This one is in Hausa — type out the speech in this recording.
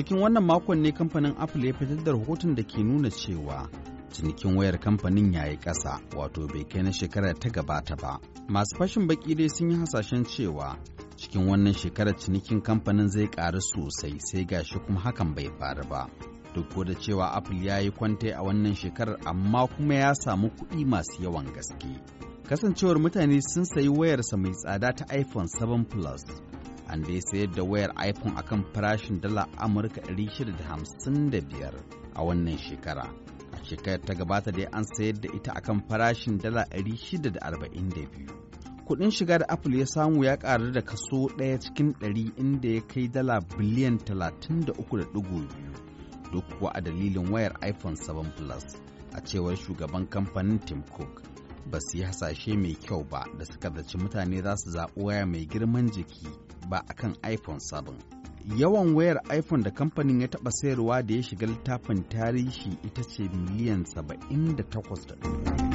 cikin wannan makon ne kamfanin apple ya fitar da rahoton da ke nuna cewa cinikin wayar kamfanin ya yi ƙasa wato bai kai na shekarar ta gabata ba masu fashin baki dai sun yi hasashen cewa cikin wannan shekarar cinikin kamfanin zai ƙaru sosai sai gashi kuma hakan bai faru ba duk da cewa apple ya yi kwante a wannan shekarar amma kuma ya samu kuɗi masu yawan gaske kasancewar mutane sun sayi wayarsa mai tsada ta iphone 7 plus an dai sayar da wayar iphone akan farashin dala amurka 655 a wannan shekara a shekarar ta gabata dai an sayar da ita akan farashin dala 642 kudin shiga da apple ya samu ya karu da kaso ɗaya cikin ɗari inda ya kai dala biliyan 33.2 duk kuwa a dalilin wayar iphone 7 plus a cewar shugaban kamfanin tim cook ba su yi hasashe mai kyau ba da suka zaci mutane za su zaɓi waya mai girman jiki ba akan iphone sabon yawan wayar iphone da kamfanin ya taɓa sayarwa da ya shiga littafin tarihi ita ce miliyan 78 da